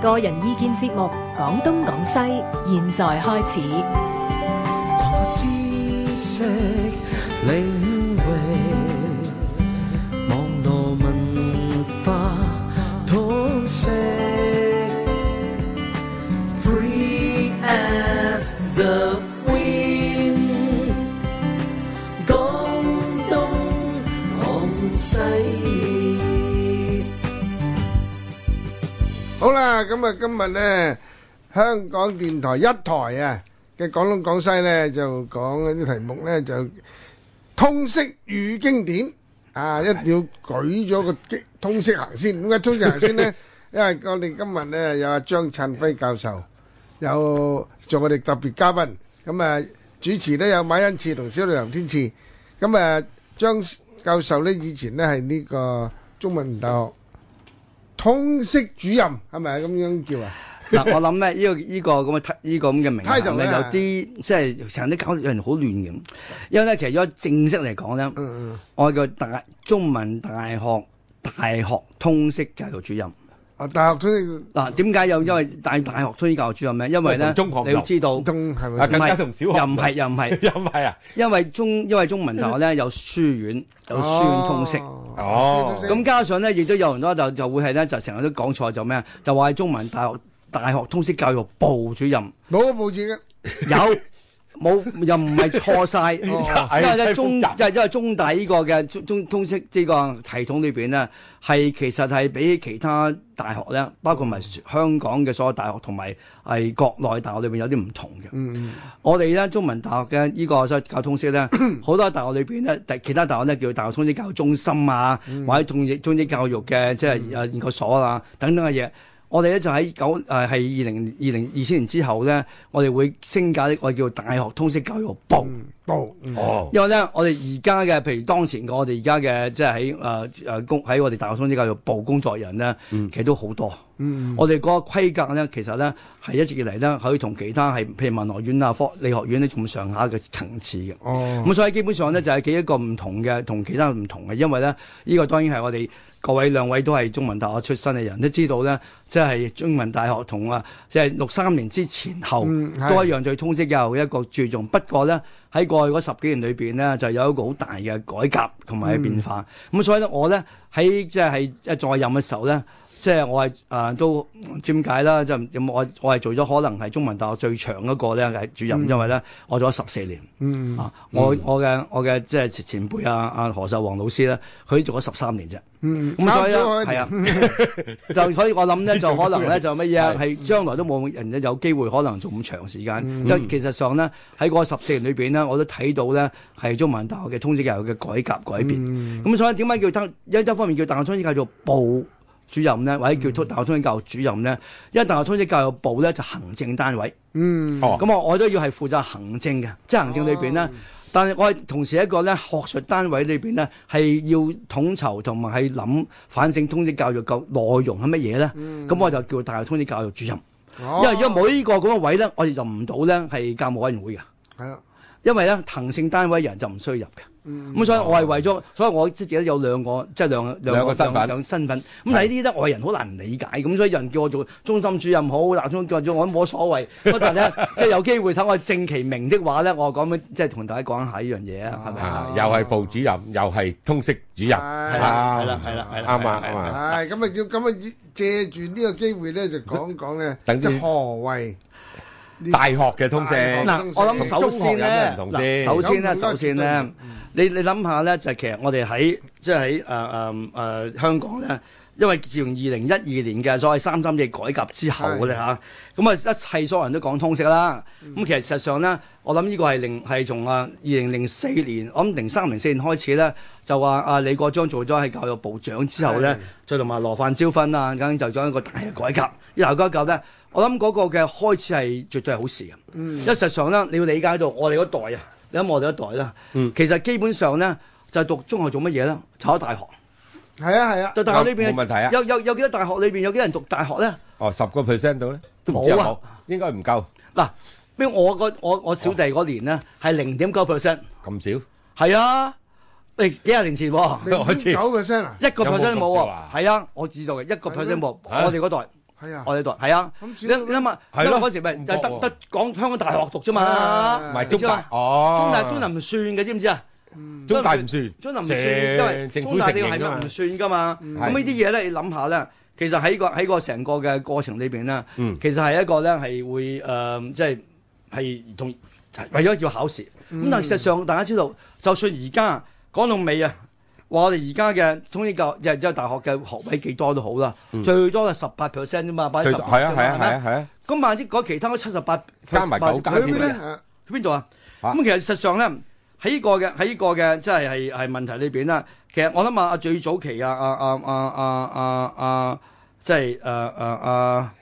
個人意見節目講東講西，現在開始 咁啊，今日咧香港電台一台啊嘅廣東廣西咧就講一啲題目咧就通識與經典啊，一定要舉咗個通識行先。點解通識行先呢？因為我哋今日咧有阿張燦輝教授有做我哋特別嘉賓，咁啊主持咧有馬恩賜同小劉天賜，咁啊張教授咧以前咧係呢個中文大學。通識主任係咪咁樣叫啊？嗱，我諗咧，呢個呢個咁嘅呢個咁嘅名咧，有啲即係成日都搞，有人好亂咁。因為咧，其實如果正式嚟講咧，我叫大中文大學大學通識教育主任。啊，大學通識，嗱，點解又因為大大學通識教育主任咧？因為咧，你要知道中係更加同小學唔係，又唔係，又唔係，又唔係啊？因為中因為中文大學咧有書院，有書院通識。哦，咁加上咧，亦都有人咧就就係呢，咧就成日都講錯，就咩啊？就話係中文大學大學通識教育部主任，冇個部主嘅 有。冇，又唔係錯晒，因為咧中即係因為中大呢個嘅中中通識呢個系統裏邊呢，係其實係比其他大學咧，包括埋香港嘅所有大學同埋係國內大學裏邊有啲唔同嘅。嗯我哋咧中文大學嘅呢、這個所謂教通識咧，好 多大學裏邊咧，其他大學咧叫大學通識教育中心啊，嗯、或者中意通識教育嘅即係研究所啊等等嘅嘢。我哋咧就喺九誒，係二零二零二千年之後咧，我哋會升格啲個叫做大學通識教育部。多哦，oh. mm hmm. 因為咧，我哋而家嘅，譬如當前我哋而家嘅，即係喺誒誒工喺我哋大學通識教育部工作人呢，mm hmm. 其實都好多。嗯、mm，hmm. 我哋個規格呢，其實呢係一直以嚟呢，可以同其他係譬如文學院啊、科理學院呢，咁上下嘅層次嘅。哦，咁所以基本上呢，就係、是、幾一個唔同嘅，同其他唔同嘅，因為呢，呢、這個當然係我哋各位兩位都係中文大學出身嘅人,人都知道呢，即、就、係、是、中文大學同啊即係六三年之前後、mm hmm. 都一樣對通識教育一個注重，不過呢。喺過去嗰十幾年裏邊呢，就有一個好大嘅改革同埋嘅變化。咁、嗯、所以咧，我咧喺即係係在任嘅時候咧。即係我係誒都點解啦？就我我係做咗可能係中文大學最長一個咧係主任，因為咧我做咗十四年。嗯，我我嘅我嘅即係前輩啊啊何秀煌老師咧，佢做咗十三年啫。嗯，咁所以呢，係啊，就所以我諗咧就可能咧就乜嘢係將來都冇人有機會可能做咁長時間。即係其實上咧喺嗰十四年裏面咧，我都睇到咧係中文大學嘅通識教育嘅改革改變。咁所以，點解叫一一方面叫大學通識教育叫主任咧，或者叫大學通識教育主任咧，嗯、因為大學通識教育部咧就行政單位，嗯，咁我我都要係負責行政嘅，即、就、係、是、行政裏面咧。啊、但係我係同時一個咧學術單位裏面咧，係要統籌同埋係諗反省通識教育嘅內容係乜嘢咧。咁、嗯、我就叫大學通識教育主任，啊、因為如果冇呢個咁嘅位咧，我哋就入唔到咧係教務委員會嘅。係啊的，因為咧行政單位人就唔需要入嘅。咁所以我係為咗，所以我即係自己有兩個，即係兩兩個兩兩身份。咁但係呢啲呢外人好難理解，咁所以有人叫我做中心主任，我好難中再做，我冇所謂。咁但係咧，即係有機會等我正其名的話咧，我講咩即係同大家講下呢樣嘢啊，係咪啊？又係部主任，又係通識主任，係啦，係啦，係啦，啱啊，啱啊。係咁啊，要咁啊，借住呢個機會咧，就講講咧，即係何謂大學嘅通識嗱？我諗首先咧，首先咧，首先咧。你你諗下咧，就其實我哋喺即係喺誒誒香港咧，因為自從二零一二年嘅所謂三三四改革之後咧咁是的 啊一切所有人都講通識啦。咁、嗯、其實事實上咧，我諗呢個係零係從啊二零零四年，我諗零三零四年開始咧，就話啊李國章做咗係教育部長之後咧，是的 再同埋羅范椒芬啊，咁就做一個大嘅改革。一嚿一嚿咧，我諗嗰個嘅開始係絕對好事嘅。嗯，因為事實上咧，你要理解到我哋嗰代啊。你諗我哋一代啦，其實基本上咧就讀中學做乜嘢咧？入咗大學，係啊係啊，就大學呢邊有有有幾多大學，裏邊有幾多人讀大學咧？哦，十個 percent 到咧，都唔知啊，應該唔夠。嗱，比如我個我我小弟嗰年咧係零點九 percent，咁少？係啊，誒幾廿年前喎，九 percent 啊，一個 percent 都冇喎，係啊，我知道嘅，一個 percent 冇，我哋嗰代。係啊，我哋讀係啊，因因為因為嗰時咪就得得講香港大學讀啫嘛，唔係讀啫哦，中大中大唔算嘅知唔知啊？中大唔算，中大唔算，因為中大呢個係咪唔算㗎嘛？咁呢啲嘢咧，你諗下咧，其實喺個喺個成個嘅過程裏邊咧，其實係一個咧係會誒，即係係同為咗要考試。咁但係實際上大家知道，就算而家講到尾啊。我哋而家嘅總之教即係之後大學嘅學位幾多都好啦，最多係十八 percent 啫嘛，百分之啊，啫啊，係啊。咁萬一嗰其他七十八加埋九邊度啊？咁其實實上咧，喺呢個嘅喺呢個嘅，即係係係問題裏邊啦。其實我諗啊，最早期啊，即係誒誒阿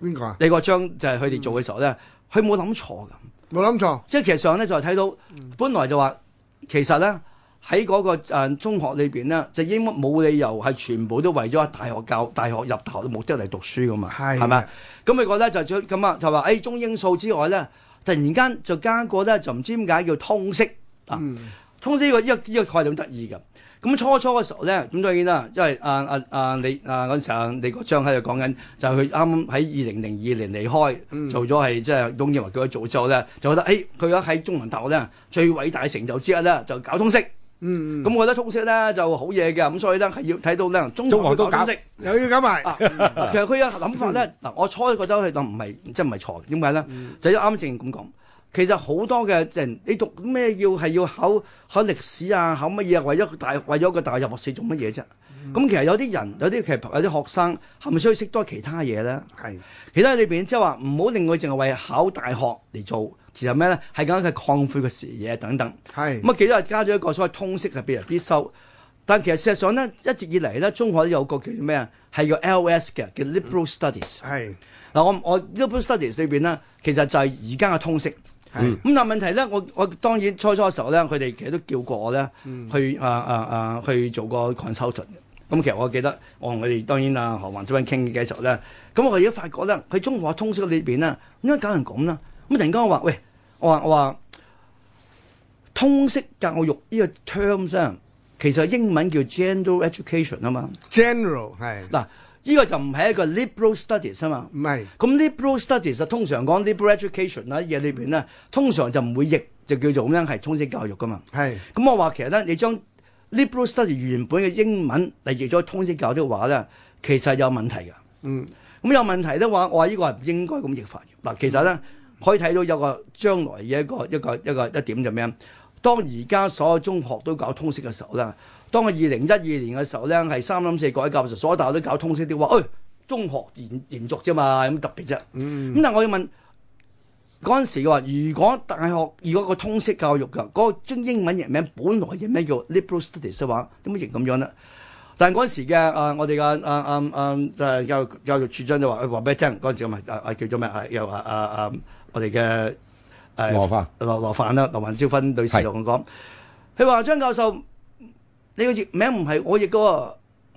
邊個啊？李國章就係佢哋做嘅時候咧，佢冇諗錯噶，冇諗錯。即係其實上咧就睇到本來就話。其實咧喺嗰個、嗯、中學裏面咧，就應該冇理由係全部都為咗大學教、大學入大學嘅目的嚟讀書噶嘛，係咪是的？咁你覺得就咁啊？就話哎，中英數之外咧，突然間就加個咧就唔知點解叫通識啊。嗯、通識呢、呢個呢、呢個概念得意㗎。咁初初嘅時候咧，總之當然啦，因為阿阿阿李阿嗰時候，李、啊、李國章喺度講緊，就佢啱啱喺二零零二年離開，嗯、做咗係即係董建華叫佢做之後咧，就覺得誒，佢而家喺中文台咧最偉大成就之一咧就搞通識，咁我、嗯、覺得通識咧就好嘢嘅，咁所以咧係要睇到咧中文大學嘅通識又要搞埋。啊、 其實佢嘅諗法咧，嗱、嗯、我初初覺得佢就唔係即係唔係錯，點解咧？嗯、就啱正咁講。其實好多嘅人，即係、你讀咩要係要考考歷史啊，考乜嘢？為咗大為咗個大學入學試做乜嘢啫？咁、嗯、其實有啲人有啲其實有啲學生係咪需要多識多其他嘢咧？是 其他裏邊即係話唔好令佢淨係為考大學嚟做，其實咩咧？係講嘅擴闊嘅事嘢等等。係咁啊，其實加咗一個所謂通識就必然必修，但其實事實上咧，一直以嚟咧，中學有個叫做咩啊，係叫 L.S. 嘅叫 Liberal Studies。係嗱、嗯嗯，我我 Liberal Studies 裏面咧，其實就係而家嘅通識。咁是、嗯、但係問題咧，我我當然初初嘅時候咧，佢哋其實都叫過我咧、嗯啊啊啊，去啊啊啊去做個 consultant 嘅、嗯。咁其實我記得我同佢哋當然啦，何黃之斌傾嘅時候咧，咁、嗯、我哋而家發覺咧，喺中華通識裏邊咧，點解搞人咁啦，咁突然間我話，喂，我話我話通識教育呢個 term 呢，其實英文叫 education general education 啊嘛，general 係嗱。呢個就唔係一個 liberal studies 啊嘛，唔係是。咁 liberal studies 通常講 liberal education 啦嘢裏面咧，通常就唔會譯就叫做咁樣係通識教育噶嘛。係是。咁我話其實咧，你將 liberal studies 原本嘅英文嚟譯咗通識教育嘅話咧，其實有問題㗎。嗯。咁有問題嘅話，我話呢個係唔應該咁譯法。嗱，其實咧、嗯、可以睇到有個將來嘅一個一個一個一點就咩啊？當而家所有中學都搞通識嘅時候咧。當佢二零一二年嘅時候咧，係三三四改教實，所有大學都搞通識啲話。誒、哎，中學延延續啫嘛，有乜特別啫。咁、嗯、但係我要問嗰陣時嘅話，如果大學如果個通識教育嘅嗰、那個中英文人名本來嘅名叫 liberal studies 嘅話，點解型咁樣呢？但那時的」但係嗰陣時嘅啊，我哋嘅啊啊啊教教育處長就話，話俾你聽，嗰陣時啊叫做咩啊？又啊啊啊我哋嘅、啊、羅花羅羅范啦，羅范椒芬女士同我講，佢話是張教授。你個譯名唔係我譯嘅喎，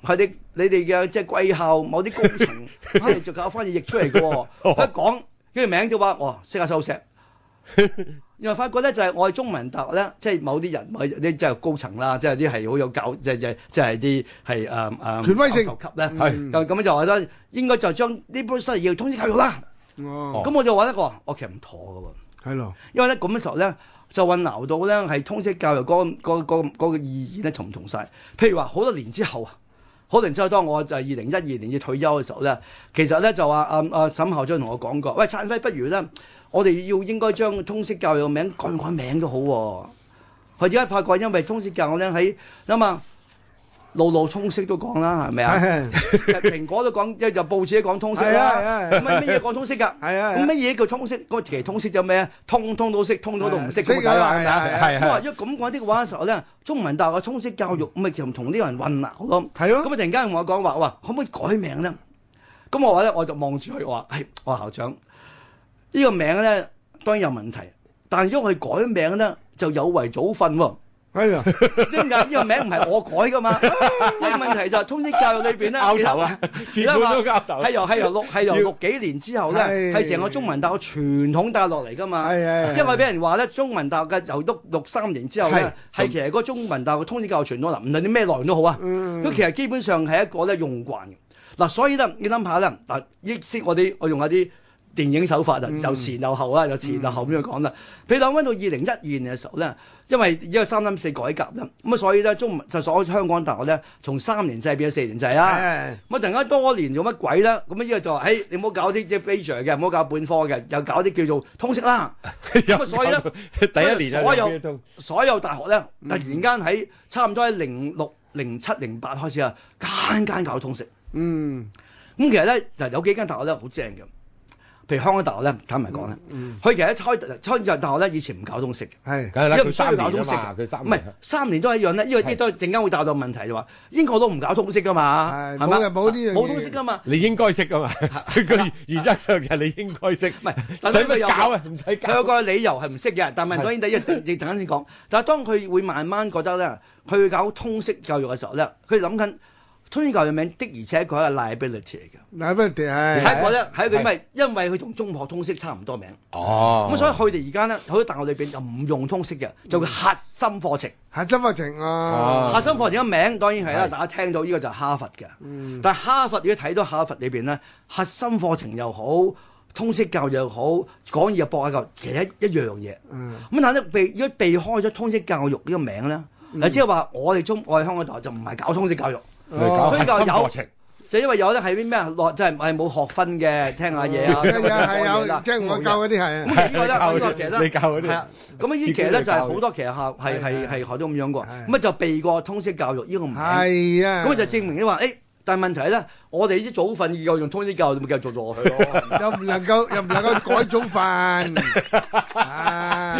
係你你哋嘅，即係貴校某啲高層，即係搞翻譯譯出嚟嘅喎，一講嗰個名就話哦，識下收聲，然後發覺咧就係我係中文大學咧，即係某啲人某啲即係高層啦，即係啲係好有教即即即係啲係誒誒權威性級咧，咁咁樣就覺得應該就將呢本書需要通識教育啦。咁我就話一個，我其實唔妥嘅喎，係咯，因為咧咁嘅時候咧。就混淆到咧，係通識教育嗰、嗰個、嗰、嗰個、意義咧，同唔同晒。譬如話，好多年之後啊，好多年之後，當我就係二零一二年要退休嘅時候咧，其實咧就話阿阿沈校長同我講過，喂，燦輝，不如咧，我哋要應該將通識教育嘅名改改名都好喎、啊。佢只係發覺，因為通識教育咧喺啊。路路 通識都講啦，係咪啊，啊，啊？其實蘋果都講，一就報紙都講通識啦。咁乜嘢講通識噶？係啊。咁乜嘢叫通識？嗰個詞通識就咩啊？通通都識，通到都唔識咁解啦。咁啊，如果咁講啲嘅話嘅時候咧，中文大學通識教育咪就同呢啲人混淆咯。係咯。咁啊，突然間同我講話，我可唔可以改名咧？咁我話咧，我就望住佢話，係我、哎、我校長呢、呢個名咧，當然有問題，但係如果佢改名咧，就有違祖訓喎。哎呀！呢個 名唔係我改噶嘛。呢個 問題就是、通識教育裏邊咧，鰲頭啊，全部都鰲頭。係由係由六係由六幾年之後咧，係成要個中文大學傳統帶落嚟噶嘛。係係即係我俾人話咧，中文大學嘅由讀六三年之後咧，係是其實個中文大學通識教育傳統啦，唔論啲咩內容都好啊。咁、嗯、其實基本上係一個咧用慣嗱、啊，所以咧你諗下咧嗱，依先我啲我用下啲。電影手法啊，嗯、又前又後啦，就前又後咁樣講啦。譬如講翻到二零一二年嘅時候咧，因為呢個三三四改革啦，咁啊所以咧中就所有香港大學咧，從三年制變咗四年制啦。咁啊突然間多年做乜鬼咧？咁啊呢個就話：誒你唔好搞啲即係 basic 嘅，唔好搞本科嘅，又搞啲叫做通識啦。咁、嗯、所以咧，第一年就所有所有大學咧，嗯、突然間喺差唔多喺零六、零七、零八開始啊，間間搞通識。嗯，咁、嗯、其實咧就有幾間大學咧好正嘅。譬如香港大學咧，坦白講咧，佢其實一初開就大學咧，以前唔搞通識嘅，係梗係啦，三年都唔係三年都係一樣咧，因為啲都陣間我答到問題就話英國都唔搞通識噶嘛，係冇呢樣冇通識噶嘛，你應該識噶嘛，佢原則上其實你應該識，唔係，但係佢有佢有個理由係唔識嘅，但係當然第一陣陣間先講，但係當佢會慢慢覺得咧，佢搞通識教育嘅時候咧，佢諗緊。通識教育名的，而且確係一個 liability 嚟嘅。liability 係，喺我咧，因為因為佢同中學通識差唔多名。哦。咁所以佢哋而家咧，好多大學裏面就唔用通識嘅，就叫核心課程。核心課程啊。核心課程嘅名當然係啦，大家聽到呢個就係哈佛嘅。但係哈佛如果睇到哈佛裏面咧，核心課程又好，通識教育又好，講嘢又博雅教育，其實一一樣嘢。嗯。咁但係咧避避開咗通識教育呢個名咧，嗱即係話我哋中我哋香港大學就唔係搞通識教育。所以有就因為有咧係啲咩落即係冇學分嘅聽下嘢啊，係有聽我教嗰啲係。咁呢個咧呢個其實係咁啊呢其實咧就係好多其實學校係係係學到咁樣過，咁啊就避過通識教育呢個唔係啊，咁就證明你話誒，但係問題咧，我哋呢啲早訓要用通識教育，咪繼續做落去咯，又唔能夠又唔能夠改早訓啊。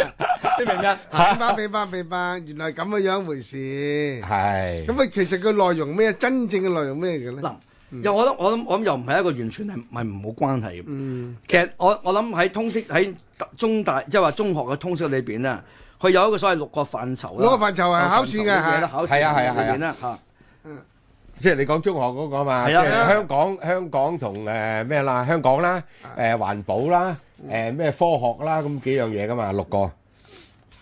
明噶，俾翻、俾翻、俾翻，原來咁嘅樣一回事。係咁啊，其實個內容咩啊？真正嘅內容咩嘅咧？又我諗，我諗，我諗又唔係一個完全係咪冇關係嘅。嗯，其實我我諗喺通識喺中大，即係話中學嘅通識裏邊咧，佢有一個所謂六個範疇啦。六個範疇係考試嘅嚇，係啊係啊，係啦嚇。嗯，即係你講中學嗰個嘛，即係香港香港同誒咩啦？香港啦，誒環保啦，誒咩科學啦，咁幾樣嘢噶嘛，六個。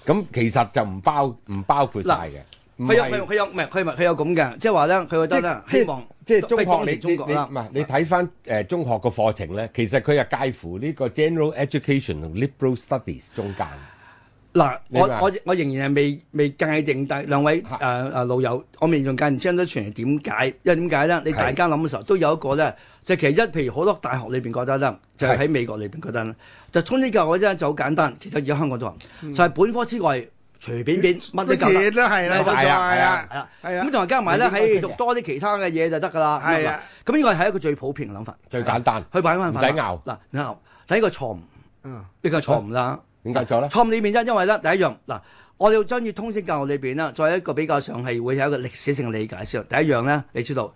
咁其實就唔包唔包括晒嘅。佢有佢有唔係佢咪佢有咁嘅，即係話咧，佢覺得希望即係中學中國你你唔係吧你睇翻誒中學嘅課程咧，其實佢係介乎呢個 general education 同 liberal studies 中間。嗱，我我我仍然係未未界定，但係兩位誒誒老友，我未仲介唔清得全嚟點解，因為點解咧？你大家諗嘅時候，都有一個咧，就其一，譬如好多大學裏邊覺得咧，就喺美國裏邊覺得咧，就通識教育啫，就好簡單。其實而家香港都係，就係本科之外，隨便便乜都夠啦，係啦，係啦，係係咁同埋加埋咧，喺讀多啲其他嘅嘢就得噶啦。咁呢個係一個最普遍嘅諗法，最簡單，去擺嗰個諗法。嗱，然後第一個錯誤，嗯，呢個錯誤啦。點解咗咧？錯誤裡面真係因為咧，第一樣嗱，我哋要將住通識教育裏邊咧，再一個比較上係會有一個歷史性理解先。第一樣咧，你知道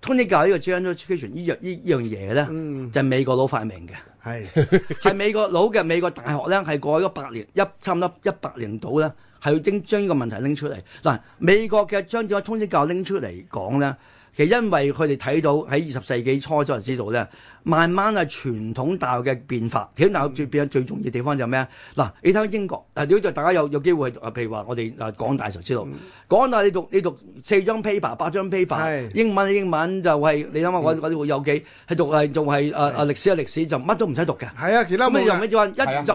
通識教育這個這呢個 general education 呢樣呢樣嘢咧，嗯、就係美國佬發明嘅，係係是 美國佬嘅美國大學咧，係過去嗰百年一差唔多一百年到咧，係要將將呢個問題拎出嚟嗱。美國嘅將住通識教育拎出嚟講咧。其實因為佢哋睇到喺二十世紀初嗰陣知道咧，慢慢係傳統大學嘅變化。傳統大學最變咗最重要地方就係咩嗱，嗯、你睇下英國，嗱如大家有有機會去讀，譬如話我哋啊港大就知道，港、嗯、大你讀你讀，你讀四張 paper 八張 paper，是英文英文就係、是、你諗下我、嗯、我哋會有幾係讀系仲係啊啊歷史嘅歷史就乜都唔使讀嘅。係啊，其他咩就咩就話一集咧、啊、就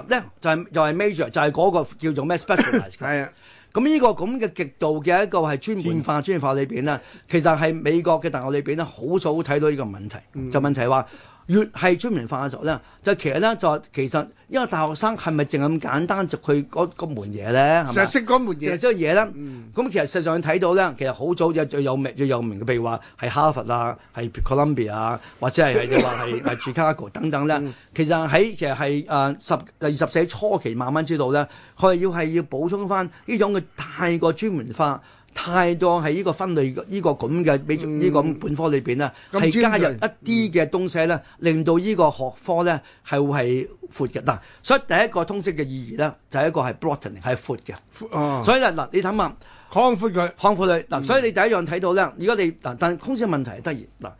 係、是、就是、major 就係嗰個叫做咩 specialist 嘅。 學咁呢個咁嘅極度嘅一個係專門化、專業化裏邊咧，其實係美國嘅大學裏邊咧，好早睇到呢個問題，嗯、就問題話。越係專門化嘅時候咧，就其實咧就其實，因為大學生係咪淨咁簡單就佢嗰門嘢咧？係嘛，識嗰門嘢，成日識嘢啦。咁、嗯、其實實際上睇到咧，其實好早就有最有名最有名嘅，譬如話係哈佛啊，係 Columbia 啊，或者係 你話係係 Chicago 等等咧、嗯。其實喺其實係誒十二十世初期慢慢知道咧，佢要係要補充翻呢種嘅太過專門化。太多喺呢個分類呢、呢個咁嘅，呢、呢個本科裏面，呢係、嗯、加入一啲嘅東西咧，嗯、令到呢個學科咧係會係闊嘅。嗱、啊，所以第一個通識嘅意義咧，就係、是、一個係 broadening，係闊嘅。啊、所以啦，嗱、啊，你諗下，擴闊佢，擴闊佢。嗱、嗯啊，所以你第一樣睇到咧，如果你嗱、啊，但通識問題當然嗱，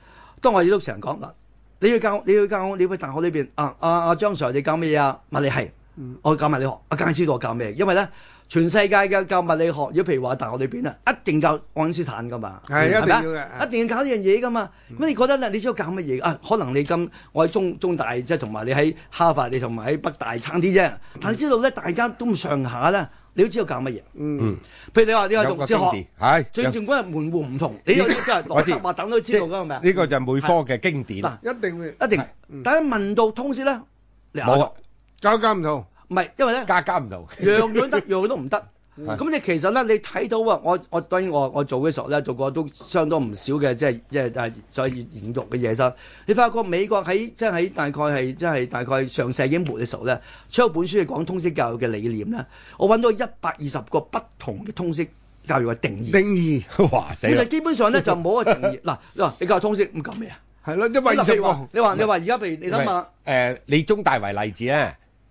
當我哋都成日講嗱，你要教，你要教，你去大學裏面，啊，阿、啊、阿張 Sir，你教咩啊？物你係，我教埋你學，我梗係知道我教咩，因為咧。全世界嘅教物理學，如果譬如話大學裏邊啊，一定教愛因斯坦噶嘛，係咪啊？一定要搞呢樣嘢噶嘛。咁你覺得咧，你知道搞乜嘢啊？可能你今我喺中中大，即係同埋你喺哈佛，你同埋喺北大差啲啫。但係你知道咧，大家都咁上下咧，你都知道搞乜嘢。嗯，譬如你話你話讀哲學，係最正規嘅門戶唔同。呢個就羅輯呀、等等都知道噶，係咪？呢個就係每科嘅經典。一定一定。大家問到通識咧，冇教教唔同。唔係，因為咧，加加唔到樣樣得，樣樣都唔得。咁你其實咧，你睇到啊，我我當然我我做嘅時候咧，做過都相當唔少嘅，即係即係以延續嘅嘢究。你發覺美國喺即係喺大概係即係大概上世紀末嘅時候咧，出本書去講通識教育嘅理念咧，我揾到一百二十個不同嘅通識教育嘅定義。定義，哇死！咁就基本上咧就冇個定義。嗱你教通識，唔講咩啊？係咯，你話二十你話你話而家譬如你諗下，誒，你中大為例子啊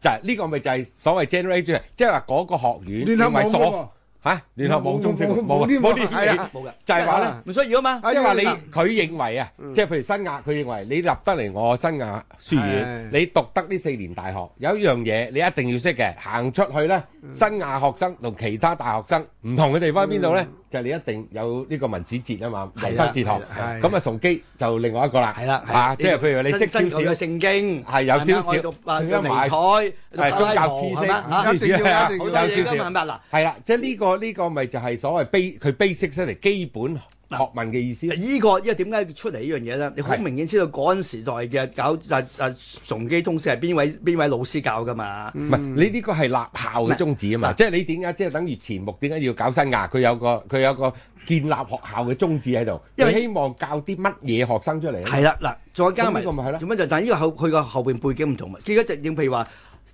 就係呢個咪就係所謂 generate，即係話嗰個學院聯合所㗎聯合冇中職，冇冇聯繫冇嘅，就係話咧，唔需要啊嘛，即係話你佢認為啊，即係譬如新亞，佢認為你立得嚟我新亞書院，你讀得呢四年大學，有一樣嘢你一定要識嘅，行出去咧，新亞學生同其他大學生唔同嘅地方喺邊度咧？就你一定有呢個文史哲啊嘛，三字堂。咁啊，崇基就另外一個啦。係啦，啊，即係譬如你識少少聖經，係有少少。點樣買？係宗教知識，有少少嘅問物。係啦，即係呢個呢個咪就係所謂悲，佢悲 a 出嚟基本。學問嘅意思？呢、這個，依個點解出嚟呢樣嘢咧？是你好明顯知道嗰陣時代嘅搞啊啊，崇基通識係邊位邊位老師教噶嘛？唔係，嗯，你呢個係立校嘅宗旨啊嘛？即係是你點解，即、就、係、是、等於前目點解要搞新亞？佢有個佢有個建立學校嘅宗旨喺度，因為希望教啲乜嘢學生出嚟？係啦，嗱，再加埋呢個係、就、咯、是？做乜就？但係呢個後佢個後邊背景唔同啊！記得直應譬如話。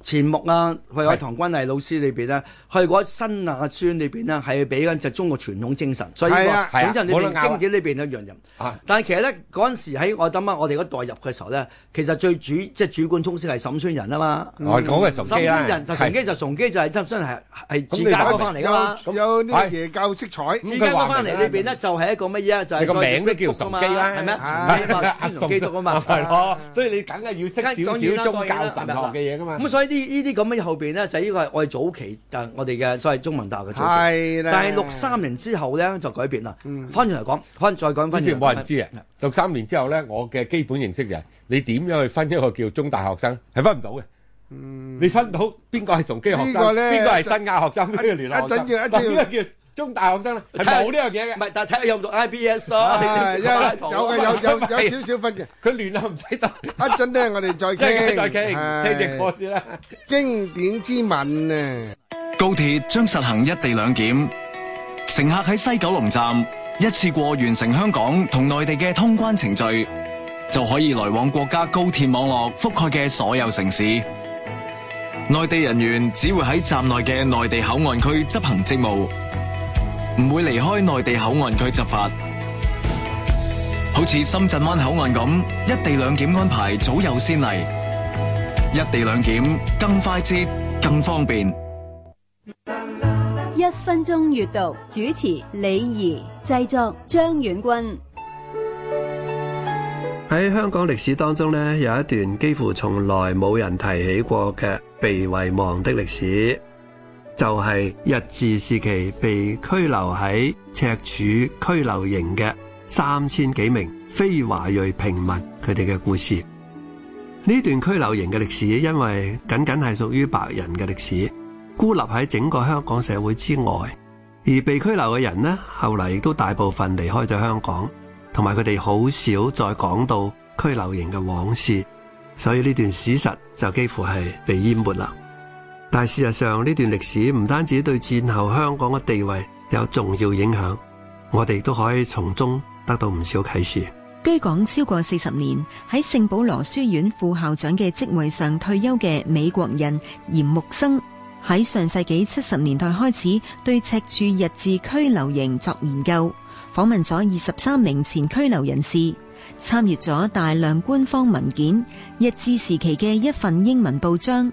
錢穆啊，佢喺唐君毅老師裏邊咧，去過新亞書裏邊咧，係俾緊隻中國傳統精神，所以話總之你哋經典裏邊一樣嘢。但係其實咧，嗰陣時喺我等下我哋嗰代入嘅時候咧，其實最主即係主管通識係沈宣仁啊嘛。哦，講嘅審機啊。沈宣仁就崇基，就崇基就係真真係係自家攞翻嚟噶嘛。有有啲嘢耶教色彩，自家攞翻嚟裏邊咧就係一個乜嘢啊？就係所以叫基督啊嘛，係咪啊？所以你梗係要識少少宗教神學嘅嘢啊嘛。咁所以啲。呢呢啲咁嘅後邊咧，就係呢個係我哋早期，但係我哋嘅所謂中文大學嘅早期。係啦。但係六三年之後咧就改變啦。嗯。翻轉嚟講，翻再講翻先，冇人知啊。六三年之後咧，我嘅基本認識就係你點樣去分一個叫中大學生，係分唔到嘅。嗯。你分到邊個係崇基學生？邊個係新亞學生？邊個聯學生？一陣嘅，一陣嘅。中大學生啦，冇呢樣嘢嘅。唔係，但係睇下有冇讀 IBS 咯，有嘅有有有少少分嘅，佢亂啦，唔使讀。一陣咧，我哋再傾，再傾聽隻歌先啦。經典之吻咧，高鐵將實行一地兩檢，乘客喺西九龍站一次過完成香港同內地嘅通關程序，就可以來往國家高鐵網絡覆蓋嘅所有城市。內地人員只會喺站內嘅內地口岸區執行職務。唔會離開內地口岸區執法，好似深圳灣口岸咁，一地兩檢安排早有先例，一地兩檢更快捷、更方便。一分鐘閱讀，主持李儀，製作張遠軍。喺香港歷史當中呢，有一段幾乎從來冇人提起過嘅被遺忘的歷史。就係日治時期被拘留喺赤柱拘留營嘅三千幾名非華裔平民佢哋嘅故事。呢段拘留營嘅歷史，因為僅僅係屬於白人嘅歷史，孤立喺整個香港社會之外。而被拘留嘅人呢，後嚟亦都大部分離開咗香港，同埋佢哋好少再講到拘留營嘅往事，所以呢段史實就幾乎係被淹沒啦。但事實上，呢段歷史唔單止對戰後香港嘅地位有重要影響，我哋都可以從中得到唔少啟示。居港超過四十年，喺聖保羅書院副校長嘅職位上退休嘅美國人嚴木生，喺上世紀七十年代開始對赤柱日治拘留營作研究，訪問咗二十三名前拘留人士，參與咗大量官方文件，日治時期嘅一份英文報章。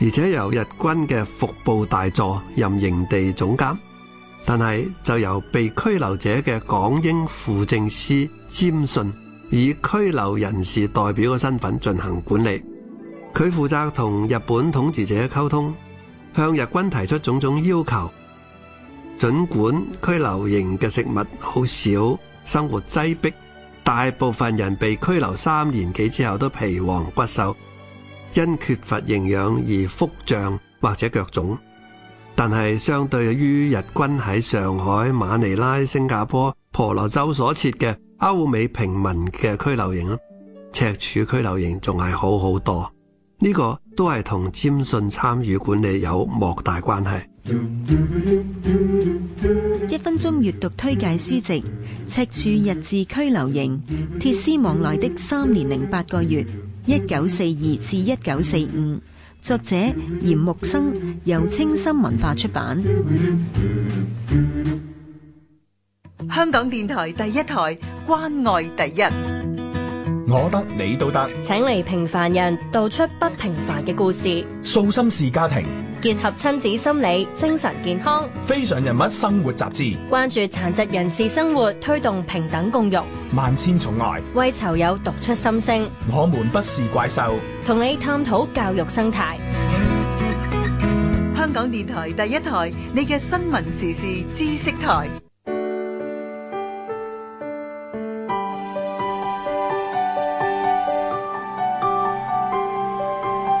而且由日軍嘅服部大佐任營地總監，但係就由被拘留者嘅港英輔政司詹遜以拘留人士代表嘅身份進行管理。佢負責同日本統治者溝通，向日軍提出種種要求。盡管拘留營嘅食物好少，生活擠迫，大部分人被拘留三年幾之後都皮黃骨瘦。因缺乏營養而腹脹或者腳腫，但係相對於日軍喺上海、馬尼拉、新加坡、婆羅洲所設嘅歐美平民嘅拘留營，赤柱拘留營仲係好好多。呢個都係同詹遜參與管理有莫大關係。一分鐘閱讀推介書籍《赤柱日治拘留營：鐵絲網內的三年零八個月》。一九四二至一九四五，作者嚴木生，由清新文化出版。香港電台第一台，關愛第一，我得你都得，請嚟平凡人道出不平凡嘅故事。素心事家庭。結合親子心理，精神健康。非常人物生活雜誌關注殘疾人士生活，推動平等共融。萬千寵愛，為囚友讀出心聲。我們不是怪獸，同你探討教育生態。香港電台第一台，你嘅新聞時事知識台。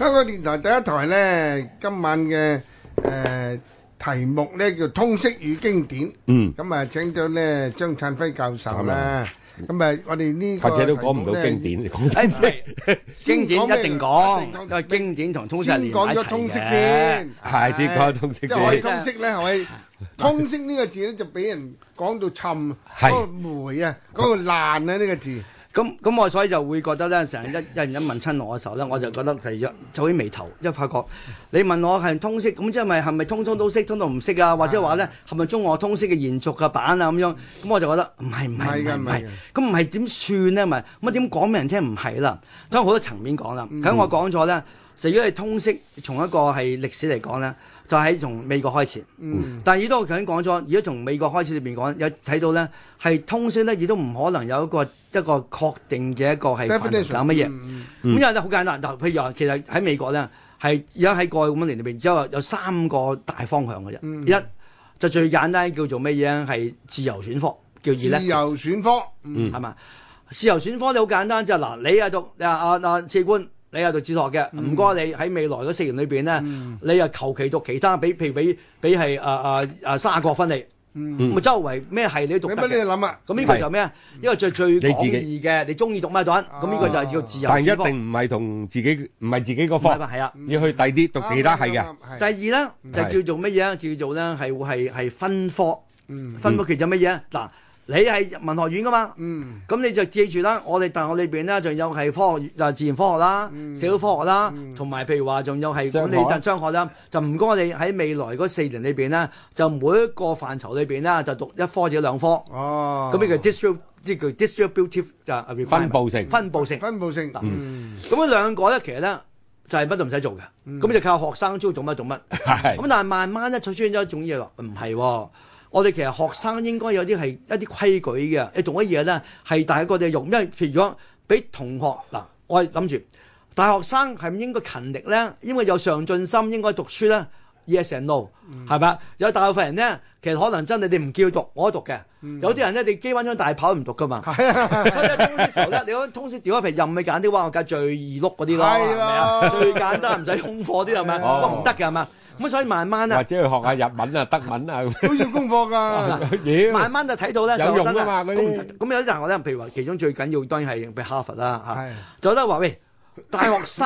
香港電台第一台咧，今晚嘅誒題目咧叫《通識與經典》。嗯。咁啊，請咗咧張燦輝教授啦。咁啊，我哋呢個或者都講唔到經典，講通識。經典一定講。經典同通識聯講咗通識先。係，先講通識先。通識咧，可以，通識呢個字咧就俾人講到沉，嗰個黴啊，嗰個爛啊呢個字。咁咁我所以就會覺得咧，成日一一人一問親我嘅時候咧，我就覺得係一皺起眉頭，一發覺你問我係通識，咁即係咪係咪通通都識，通通唔識啊？或者話咧，係咪中學通識嘅延續嘅版啊？咁樣，咁我就覺得唔係唔係唔係咁唔係點算咧？咪乜點講俾人聽唔係啦？即係好多層面講啦。咁我講咗咧，就、嗯、如果係通識從一個係歷史嚟講咧。就喺從美國開始，但亦都我頭先講咗，如果從美國開始裏面講，有睇到咧係通識咧，亦都唔可能有一個一個確定嘅一個係講乜嘢。咁、嗯嗯、因為咧好簡單，譬如話，其實喺美國咧係而家喺過去咁多年裏面，之後有三個大方向嘅啫。一、嗯、就最簡單叫做咩嘢係係自由選科，叫二咧。自由選科，嗯係嘛？自由選科你好簡單就嗱、是，你，讀你，讀你讀啊讀啊啊辭官。你係讀哲學嘅，唔該你喺未來嗰四年裏面咧，你又求其讀其他，比譬如比比係誒誒誒卅個分你，咁周圍咩係你讀得啊咁呢個就咩啊？因為最最講意嘅，你中意讀咩短咁呢個就係叫自由。但一定唔係同自己，唔係自己個科。係啊，要去第啲讀其他係嘅。第二咧就叫做乜嘢啊？叫做咧係會係分科。嗯，分科其實乜嘢啊？嗱。你係文學院噶嘛？嗯，咁你就記住啦。我哋大學裏面咧，仲有係科學，就自然科學啦，社會科學啦，同埋譬如話仲有係管理同商學啦。就唔該，我哋喺未來嗰四年裏面咧，就每一個範疇裏面咧，就讀一科或者兩科。哦，咁呢個 distribute 即係叫 distributive 就係分布性，分布性，分布性。咁呢兩個咧，其實咧就係乜都唔使做嘅，咁就靠學生中意做乜做乜。咁但係慢慢咧，出現咗一種嘢唔係。我哋其實學生應該有啲係一啲規矩嘅，你做乜嘢咧？係大個嘅用，因為譬如果俾同學嗱、啊，我諗住大學生係咪應該勤力咧，因為有上進心應該讀書咧。Yes or no？係咪、嗯、有大部分人咧，其實可能真你哋唔叫讀，我都讀嘅。嗯、有啲人咧，你基揾張大跑唔讀噶嘛？係啊。初一、中一嘅時候咧，你講通識調開皮，譬如任你揀啲話我揀最易碌嗰啲咯，係啊，吧啊最簡單唔使空課啲係咪？啊、用用哦，唔得嘅係咪？咁所以慢慢啦，或者去學下日文啊、啊德文啊，都要功課㗎、啊 啊。慢慢就睇到咧，有用啦嘛嗰啲。咁些有啲人學咧，譬如話其中最緊要，當然係譬如哈佛啦、啊、吓的就得話喂，大學生。